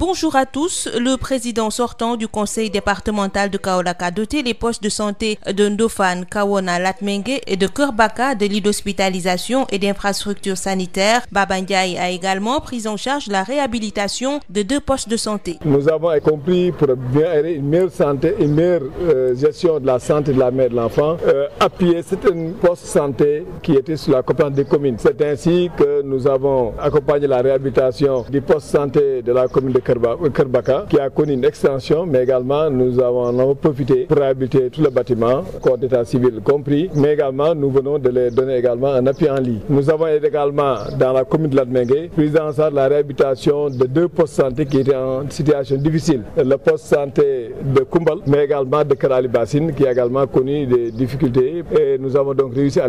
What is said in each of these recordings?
Bonjour à tous. Le président sortant du conseil départemental de Kaolack a doté les postes de santé de Ndofane, Kaona, Latmingué et de Keur de lits d'hospitalisation et d'infrastructures sanitaires. Baba a également pris en charge la réhabilitation de deux postes de santé. Nous avons compris pour bien meilleure santé, une meilleure euh, gestion de la santé de la mère et de l'enfant, euh, appuyer certains postes santé qui étaient sur la compétence des de la commune Kër Baka, a connu une extension, mais également nous avons, nous avons profité pour réhabiliter tout le bâtiment, corps d'état civil compris, mais également nous venons de les donner également un appui en ligne. Nous avons également dans la commune de Latmengue pris en la réhabilitation de deux postes santé qui étaient en situation difficile. Le poste santé de Kumbal, mais également de Karali Bassine, qui a également connu des difficultés. Et nous avons donc réussi à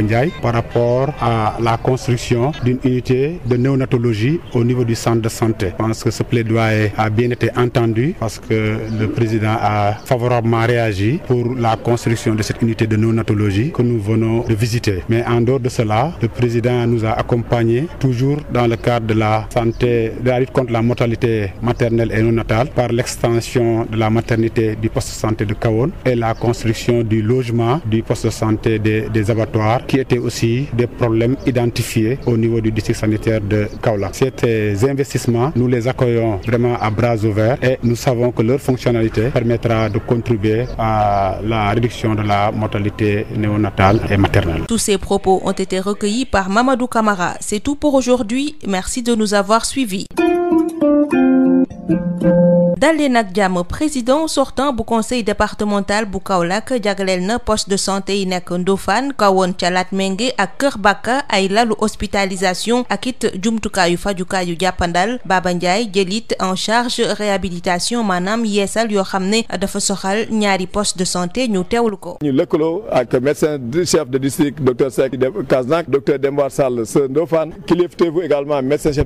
Demba Ndiaye par rapport à la construction d'une unité de néonatologie au niveau du centre de santé. Je que ce plaidoyer a bien été entendu parce que le président a favorablement réagi pour la construction de cette unité de néonatologie que nous venons de visiter. Mais en dehors de cela, le président nous a accompagnés toujours dans le cadre de la santé, de la la mortalité maternelle et non natale par la maternité du poste de santé de Kaon et la construction du logement du poste santé des, des qui étaient aussi des problèmes identifiés au niveau du district sanitaire de Kaolack. Ces investissements, nous les accueillons vraiment à bras ouverts et nous savons que leur fonctionnalité permettra de contribuer à la réduction de la mortalité néonatale et maternelle. Tous ces propos ont été recueillis par Mamadou Camara. C'est tout pour aujourd'hui. Merci de nous avoir suivis. dalee nag jàmm président sortant bu conseil départemental bu kaw Kaolack jagleel na poste de santé yi nekk Ndofane kawoon ca Latmingué ak Kër Bakka ay lalu hospitalisation ak it jumtukaayu fajukaayu jàppandal Baba Ndiaye jëlit en charge réhabilitation maanaam yeesal yoo xam ne dafa soxal ñaari poste de santé ñu teewlu ko. ñu lëkkaloo ak médecin chef de district docteur Seck Kaznak docteur Dembar Sall sa Ndofane kilifteefu également médecin chef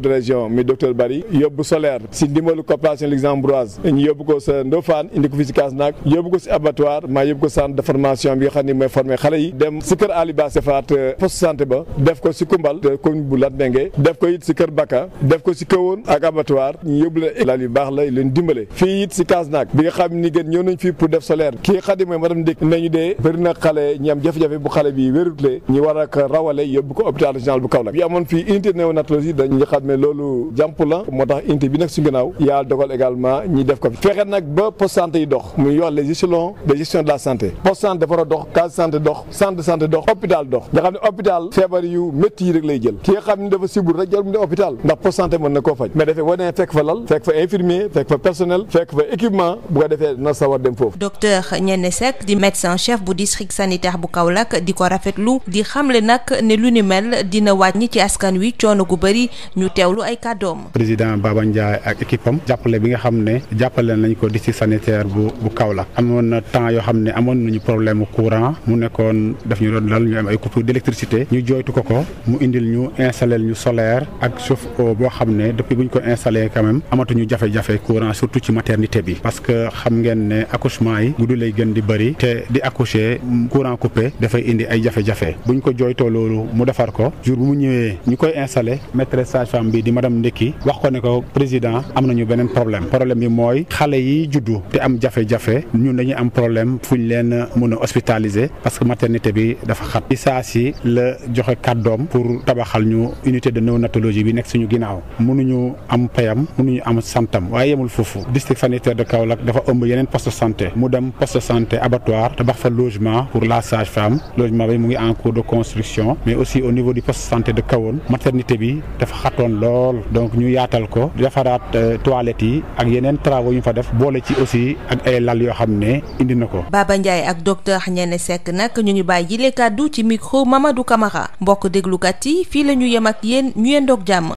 Gossas ñu yóbbu ko sa Ndofane indi ko fii si Kasnack yóbbu ko si abattoir maa yóbbu ko centre de formation bi nga xam ne mooy formé xale yi dem si kër Ali Ba Sefaat euh, santé ba def ko si Koumbal euh, def ko it si kër Baka def ko si Kawoon ak abattoir ñu yóbbu leen lal yu baax la leen dimbale fii it si Kasnack bi nga xam ni gën ñëw nañ fii pour def solaire kii xam ne mooy madame Ndék nañu dee bëri na xale ñi jafe-jafe bu xale bi wérutlee ñu war ak ñi def ko fi fexe nag ba poste santé yi dox muy yor les échelons de gestion de la santé poste santé dafa a dox case santé dox centre de santé dox hôpital dox nga xam ne hôpital feebar yu métti yi rek lay jël ki xam ne dafa sibul rek jël mu hôpital ndax poste santé mën na koo faj mais dafay wane fekk fa lal fekk fa infirmier fekk fa personnel fekk fa équipement bu ko defee na sawar foofu docteur Niéné di médecin chef bu district sanitaire bu Kaolack di jàppaleen nañ ko district sanitaire bu bu la amoon na temps yoo xam ne amoon nañu problème courant mu nekkoon daf ñu doon dal ñu am ay coupure d'électricité ñu jooytu ko ko mu indil ñu installé ñu solaire ak chauffe-eau boo xam ne depuis bu ñu ko installé quand amatuñu jafe-jafe courant surtout ci maternité bi parce que xam ngeen ne accouchement yi guddi lay gën di bëri te di accoucher courant coupé dafay indi ay jafe-jafe buñ ko jooytoo loolu mu defar ko jour mu ñëwee ñu koy installé maîtresse sage-femme bi di madame Ndekki wax ko ne ko président am nañu beneen problème mooy xale yi juddu te am jafe-jafe ñun dañuy am problème fu ñu leen mën a hospitaliser parce que maternité bi dafa xat ci saa si la joxe kàddoom pour tabaxal ñu unité de néonatologie bi nekk suñu ginnaaw mënuñu am payam mënuñu am santam waaye yemul foofu district sanitaire de Kaolack dafa ëmb yeneen poste santé mu dem poste santé abattoir tabax fa logement pour la sage femme logement bi mu ngi en cours de construction mais aussi au niveau du poste santé de Kahone maternité bi dafa xatoon lool donc ñu yaatal ko defaraat euh, toilettes yi ak yeneen travaux yu ñu fa def boole ci aussi ak ay lal yoo xam ne indi na ko. Baba Ndiaye ak docteur Ñene sekk nag ñu ñu bàyyi jile kàddu ci micro Mamadou Camara mbokk déglukat yi fii la ñu yem ak yéen ñu yendoog jàmm.